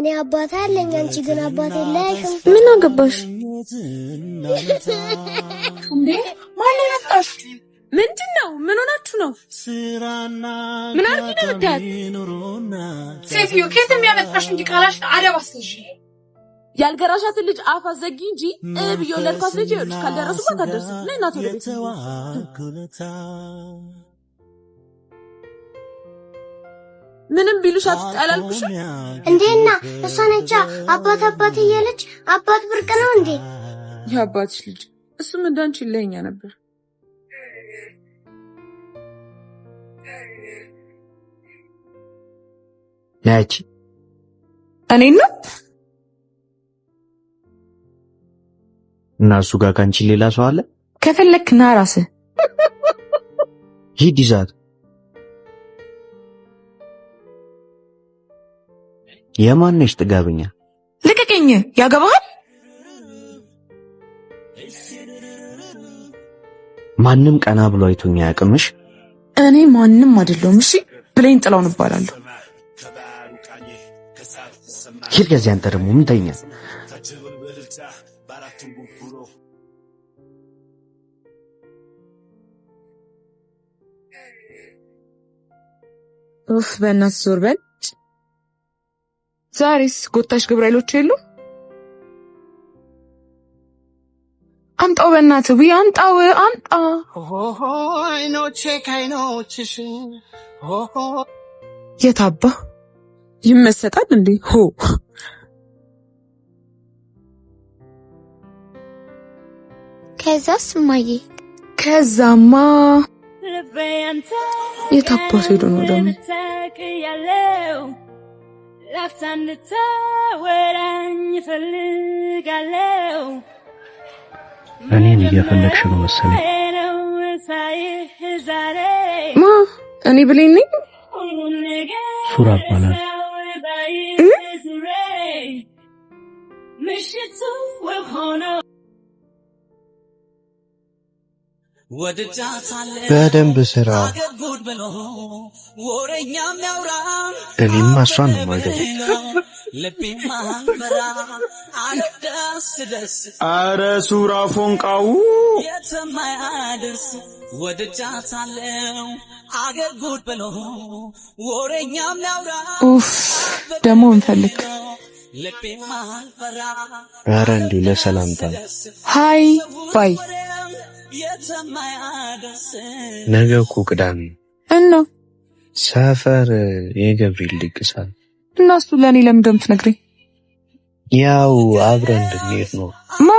እኔ አባት አለኝ፣ አንቺ ግን አባት የለሽም። ምን አገባሽ እንዴ? ማን ነጣሽ? ምንድን ነው? ምን ሆናችሁ ነው? ምን አርጊ ነው ምዳት? ሴትዮ ኬትም የሚያመጣሽ እንጂ ቃላሽ አደብ አስይዤ ያልገራሻትን ልጅ አፍ አዘጊ እንጂ ብዬ ወለድኳት ልጅ ይኸውልሽ፣ ካልደረሱባት አደርስ ና እናት ወደ ቤት ምንም ቢሉሳት አላልኩሽም እንዴና እሷ ነቻ አባት አባት እያለች አባት ብርቅ ነው እንዴ? የአባትሽ ልጅ እሱም እንዳንቺ ይለኛ ነበር። ያቺ እኔ ነው እና እሱ ጋር ካንቺ ሌላ ሰው አለ። ከፈለክና ራስ ራስህ ሂድ ይዛት የማነሽ ጥጋበኛ? ልቀቀኝ። ያገባሃል? ማንም ቀና ብሎ አይቶኝ አያውቅምሽ። እኔ ማንም አይደለሁም። እሺ ብሌን ጥላውን እባላለሁ። ሂድ ከዚህ አንተ ደግሞ ምን ተኛ። ኡፍ በእናትህ ዞር በል ዛሬስ ጎታች ግብራይሎች የሉም? አምጣው በእናት ብዬ አምጣው አምጣ አይኖቼ ከአይኖችሽ የታባ ይመሰጣል እንዴ? ሆ ከዛስ እማዬ ከዛማ የታባ ሄዶ ነው ደግሞ ላፍታ እንድታወራኝ እፈልጋለሁ። እኔን እያፈለግሽ ነው መሰለኝ። ማ እኔ ብሌን ነኝ። ሱራ እባላለሁ። ምሽቱ ውብ ሆኖ በደንብ ስራ። እኔም እሷን ነው ማገባ። አረ ሱራ ፎንቃው ኡፍ ደግሞ እንፈልግ። አረ እንዲሁ ለሰላምታ ሀይ ባይ ነገ እኮ ቅዳሜ እና ሰፈር የገብርኤል ድግስ አለ። እና እሱ ለእኔ ለምን እንደምትነግረኝ? ያው አብረን እንድንሄድ ነው። ማ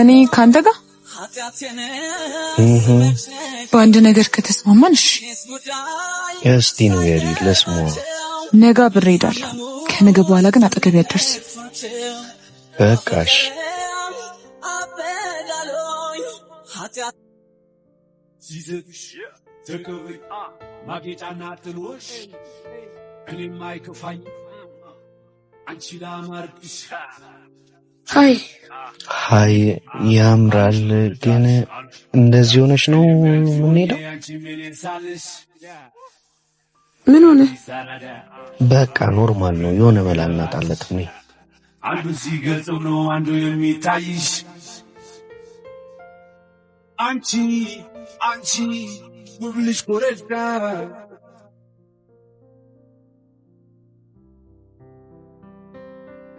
እኔ ከአንተ ጋር በአንድ ነገር ከተስማማንሽ፣ እሺ። እስቲ ንገሪ ለስሙ። ነገ አብሬ እሄዳለሁ። ከነገ በኋላ ግን አጠገብ አትደርስም። በቃሽ ኃጢአት ሲዝትሽ ትክብር ማጌጫና ጥሎሽ እኔም አይክፋኝ አንቺ ላማርግሽ ሀይ ሀይ ያምራል። ግን እንደዚህ ሆነች ነው የምንሄደው። ምን ሆነ? በቃ ኖርማል ነው። የሆነ መላ እናጣለት ነ አንዱ ሲገልጽም ነው አንዱ የሚታይሽ አንቺ አንቺ ውብ ልጅ ኮረዳ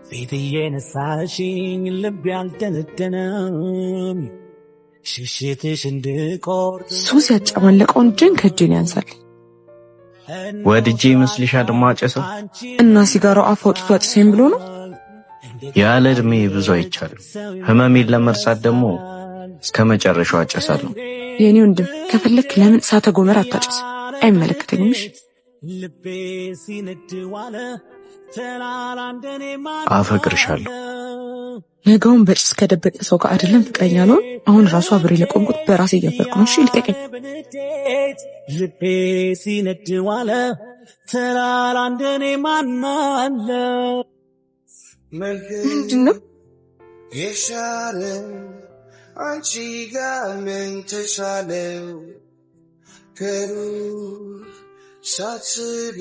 ፊትዬ ነሳሽኝ ልብ ያልደነደነም ሽሽትሽ እንድቆርጥ ሱስ ያጨማለቀውን እጄን ከእጄን ያንሳል። ወድጄ ይመስልሻል ማጨሰው እና ሲጋራው አፍ አውጥቶ አጭሰኝ ብሎ ነው። ያለ እድሜ ብዙ አይቻልም። ህመሜን ለመርሳት ደግሞ እስከ መጨረሻው አጨሳለሁ። የእኔ ወንድም ከፈለክ ለምን እሳተ ጎመር አታጨስ? አይመለከተኝምሽ። ልቤ ሲንድ ዋለ አፈቅርሻለሁ። ነገውን በጭስ ከደበቀ ሰው ጋር አይደለም ፍቅረኛ ነው። አሁን ራሱ አብሬ ለቆምኩት በራሴ እያበርኩ ነው። እሺ ልቀቀኝ። ልቤ ሲንድ ዋለ ተራራ እንደኔ ማናለ አለ? ምንድን ነው አንቺ ጋር ምን ተቻለው? ከሩቅ ሳትቢ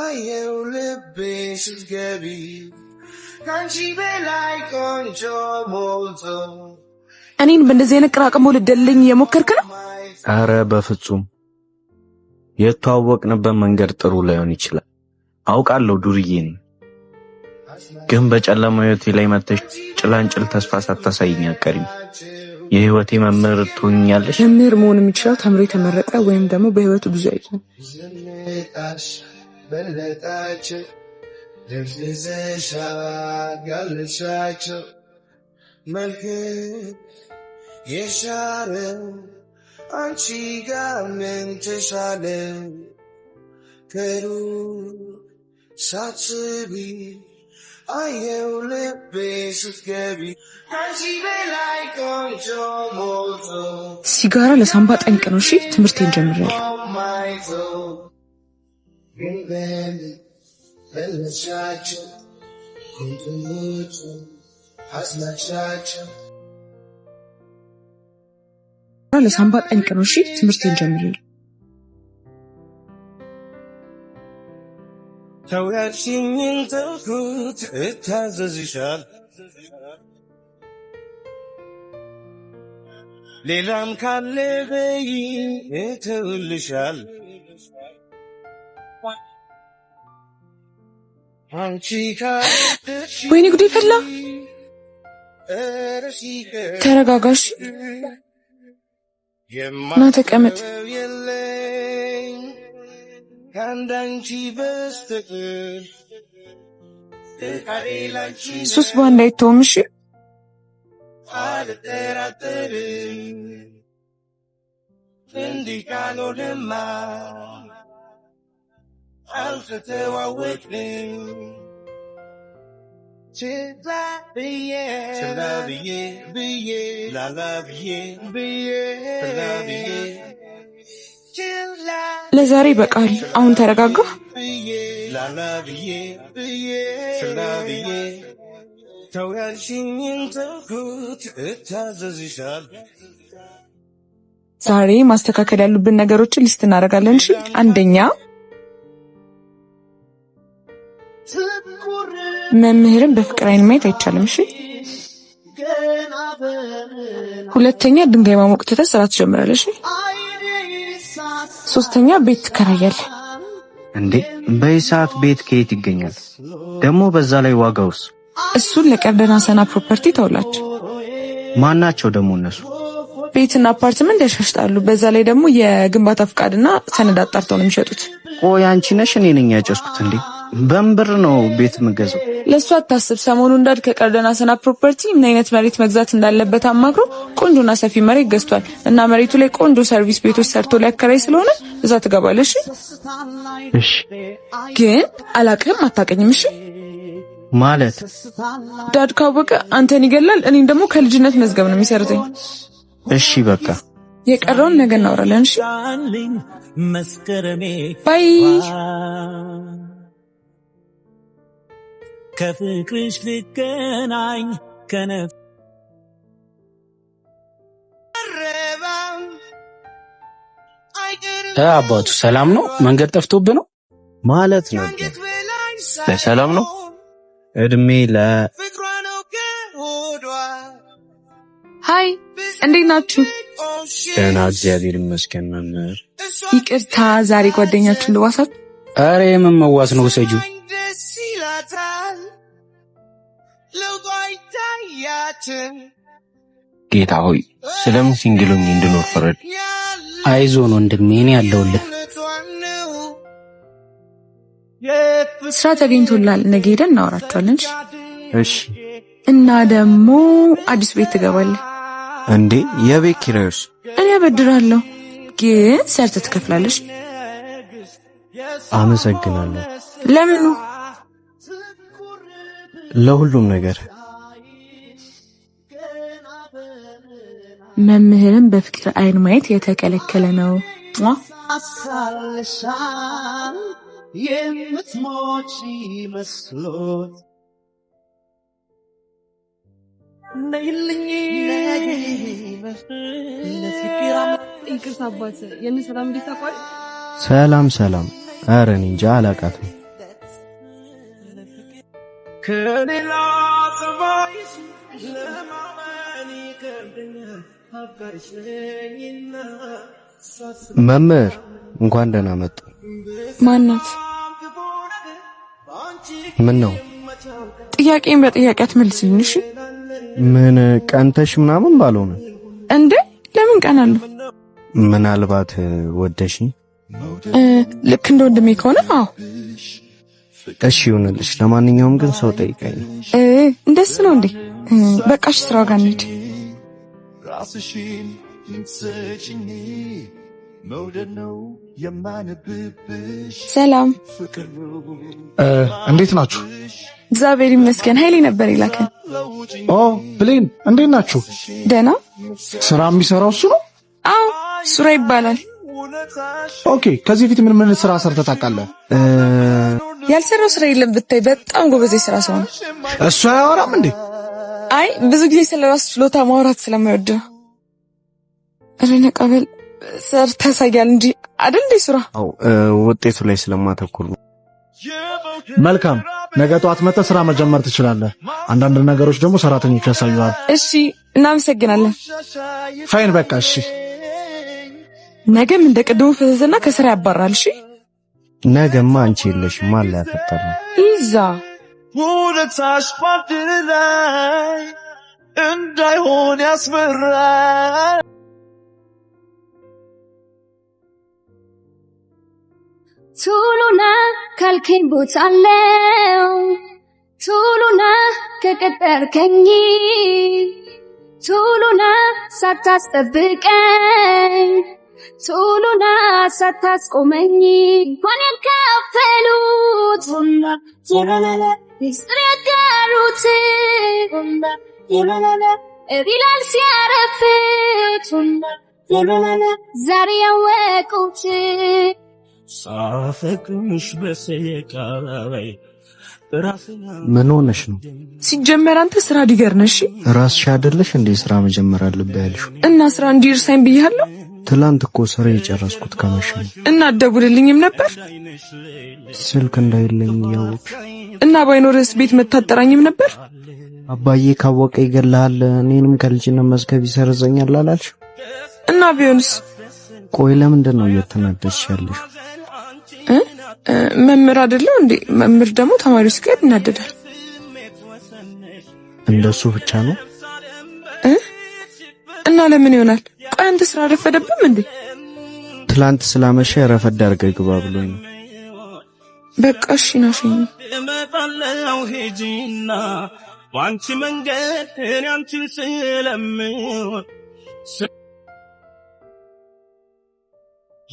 አየው ልቤ ስትገቢ ከአንቺ በላይ ቆንጆ ሞልቶ እኔን በእንደዚህ አይነት ቅራቅሞ ልደልኝ የሞከርክ ነው? አረ በፍጹም የተዋወቅንበት መንገድ ጥሩ ላይሆን ይችላል። አውቃለሁ ዱርዬ ነኝ። ግን በጨለማው ሕይወቴ ላይ መጥተሽ ጭላንጭል ተስፋ ሳታሳይኝ አትቀሪም። የሕይወቴ መምህር ትሆኛለሽ። መምህር መሆን የሚችለው ተምሮ የተመረቀ ወይም ደግሞ በህይወቱ ብዙ አይዘን አንቺ ጋር ምን ተሻለ ከሩ ሳትቢ I am ሲጋራ ለሳምባ ጠንቅ ነው። እሺ ትምህርቴን ጀምሬያለሁ። ለሳምባ ጠንቅ ነው። እሺ ትምህርቴን ጀምሬያለሁ። ተውያችኝን ተውኩት እታዘዝሻል ሌላም ካለ በይ እተውልሻል ወይኔ ጉዴ ፈላ። ተረጋጋሽ እና ተቀመጥ። Sus bu anne olmuş. Indicano de mar, ለዛሬ ይበቃል። አሁን ተረጋጋ። ዛሬ ማስተካከል ያሉብን ነገሮችን ሊስት እናደርጋለን። እሺ፣ አንደኛ መምህርን በፍቅር አይን ማየት አይቻልም። እሺ። ሁለተኛ ድንጋይ ማሞቅ ትተህ ስራ ትጀምራለህ። እሺ ሶስተኛ ቤት ትከራያለህ እንዴ? በሰዓት ቤት ከየት ይገኛል? ደግሞ በዛ ላይ ዋጋውስ? እሱን ለቀርደና ሰና ፕሮፐርቲ ተውላችሁ። ማናቸው ደግሞ እነሱ ቤትና አፓርትመንት ያሻሽጣሉ። በዛ ላይ ደግሞ የግንባታ ፍቃድና ሰነድ አጣርተው ነው የሚሸጡት። ቆይ አንቺ ነሽ እኔ ነኝ ያጨስኩት እንዴ? በምን ነው ቤት የምገዛው? ለእሱ አታስብ። ሰሞኑን ዳድ ከቀርደና ሰና ፕሮፐርቲ ምን አይነት መሬት መግዛት እንዳለበት አማክሮ ቆንጆና ሰፊ መሬት ገዝቷል እና መሬቱ ላይ ቆንጆ ሰርቪስ ቤቶች ሰርቶ ሊያከራይ ስለሆነ እዛ ትገባለሽ። እሺ፣ ግን አላቅህም፣ አታቀኝም። እሺ ማለት ዳድ ካወቀ አንተን ይገላል፣ እኔም ደግሞ ከልጅነት መዝገብ ነው የሚሰርተኝ። እሺ በቃ የቀረውን ነገ እናወራለን። እሺ ባይ ከፍቅርሽ ልገናኝ ከነፍ አባቱ ሰላም ነው። መንገድ ጠፍቶብ ነው ማለት ነው። ሰላም ነው። እድሜ ለ ሀይ፣ እንዴት ናችሁ? ደህና እግዚአብሔር ይመስገን። መምህር ይቅርታ፣ ዛሬ ጓደኛችሁን ልዋሳት። አረ የምን መዋስ ነው ሰጁ ጌታ ሆይ ስለምን ሲንግሉኝ እንድኖር ፍረድ። አይዞን ወንድሜ፣ እኔ ስራ ተገኝቶላል። ነገ ሄደን እናወራቸዋለን። እሺ። እና ደግሞ አዲስ ቤት ትገባለህ እንዴ? የቤት ኪራዮስ? እኔ አበድራለሁ፣ ግን ሰርተህ ትከፍላለች። አመሰግናለሁ። ለምኑ? ለሁሉም ነገር መምህርን በፍቅር አይን ማየት የተከለከለ ነው። የምትሞች ሰላም ነይልኝ ሰላም ሰላም። ኧረ እኔ እንጃ አላውቃትም። ከሌላ መምህር እንኳን ደህና መጡ። ማናት? ምን ነው? ጥያቄን በጥያቄ አትመልስልኝ። እሺ ምን ቀንተሽ ምናምን ባልሆነ እንዴ? ለምን ቀናለሁ? ምናልባት ወደሽ ልክ እንደ ወንድሜ ከሆነ አዎ፣ እሺ ይሁንልሽ። ለማንኛውም ግን ሰው ጠይቀኝ። እንደስ ነው እንዴ? በቃሽ፣ ስራው ጋር እንሂድ። ራስሽን ልትሰጪኝ መውደድ ነው የማንብብሽ። ሰላም እንዴት ናችሁ? እግዚአብሔር ይመስገን። ኃይሌ ነበር የላከን። ኦ ብሌን እንዴት ናችሁ? ደህና። ስራ የሚሰራው እሱ ነው? አዎ ሱራ ይባላል። ኦኬ። ከዚህ ፊት ምን ምን ስራ ሰርተህ ታውቃለህ? ያልሰራው ስራ የለም ብታይ። በጣም ጎበዜ ስራ ሰው ነው። እሱ አያወራም እንዴ? አይ ብዙ ጊዜ ስለ ራሱ ችሎታ ማውራት ስለማይወድ ነው። ረነቀበል ሰርተ ያሳያል እንጂ አይደል እንዴ ስራ ውጤቱ ላይ ስለማተኩር መልካም ነገ ጠዋት መጥተህ ስራ መጀመር ትችላለህ። አንዳንድ ነገሮች ደግሞ ሰራተኞች ያሳዩሃል። እሺ፣ እናመሰግናለን። ፋይን፣ በቃ እሺ። ነገም እንደ ቅድሙ ከስራ ያባራል። እሺ። ነገማ አንቺ የለሽም ማለ ያፈጠረ ይዛ ወደ ታች ላይ እንዳይሆን ያስመራል። ቱሉና ካልከኝ ቦታ አለው ቱሉና ከቀጠርከኝ ቱሉና ሳታስጠብቀኝ ቱሉና ሳታስቆመኝ እንኳን ያካፈሉት ምን ሆነሽ ነው? ሲጀመር አንተ ስራ ዲገር ነሽ። ራስሽ አይደለሽ እንዴ ስራ መጀመር አለብህ ያልሽው? እና ስራ እንዲርሳኝ ብያለሁ። ትላንት እኮ ስራ የጨረስኩት ከመሸ እና አትደውልልኝም ነበር? ስልክ እንዳይለኝ ያውቅ እና ባይኖርስ ቤት መታጠራኝም ነበር? አባዬ ካወቀ ይገልሃል፣ እኔንም ከልጅነት መዝገብ ይሰርዘኛል አላልሽ? እና ቢሆንስ? ቆይ ለምንድን ነው እየተናደድሽ ያለሽ? መምህር አይደለሁ እንዴ? መምህር ደግሞ ተማሪዎች ጋር ይናደዳል። እንደሱ ብቻ ነው እና ለምን ይሆናል? ቆይ አንተ ስራ ረፈደብም እንዴ? ትላንት ስላመሸ ረፈድ አድርገህ ግባ ብሎኝ ነው። በቃ እሺ ናፊኝ እመጣለሁ። ሄጂና ዋንቺ መንገድ እኔ አንቺን ስለምወድ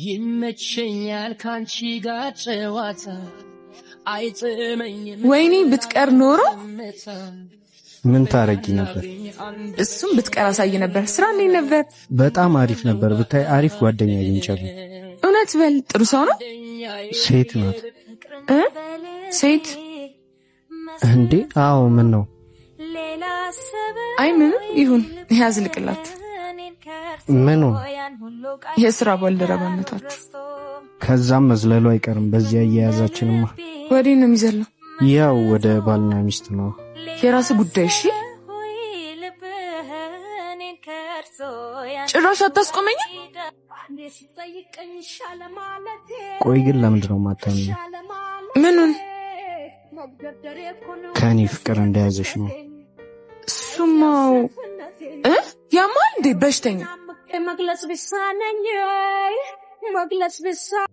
ይመቸኛል ካንቺ ጋር ጨዋታ አይጥመኝም። ወይኔ ብትቀር ኖሮ ምን ታረጊ ነበር? እሱም ብትቀር አሳይ ነበር። ስራ እንዴት ነበር? በጣም አሪፍ ነበር። ብታይ አሪፍ ጓደኛ አግኝቻለሁ። እውነት በል። ጥሩ ሰው ነው? ሴት ናት። ሴት እንዴ? አዎ። ምን ነው? አይ ምንም ይሁን። ያዝ ልቅላት። ምኑ? የስራ ባልደረባነታችሁ። ከዛም መዝለሉ አይቀርም። በዚያ እየያዛችንማ ወዴት ነው የሚዘለው? ያው ወደ ባልና ሚስት ነው። የራስ ጉዳይ። እሺ፣ ጭራሽ አታስቆመኝ። ቆይ ግን ለምንድን ነው ማታምኝ? ምኑን? ከእኔ ፍቅር እንደያዘሽ ነው። እሱማው ያማ እንዴ በሽተኛ መግለጽ ቢሳነኝ መግለጽ ቢሳ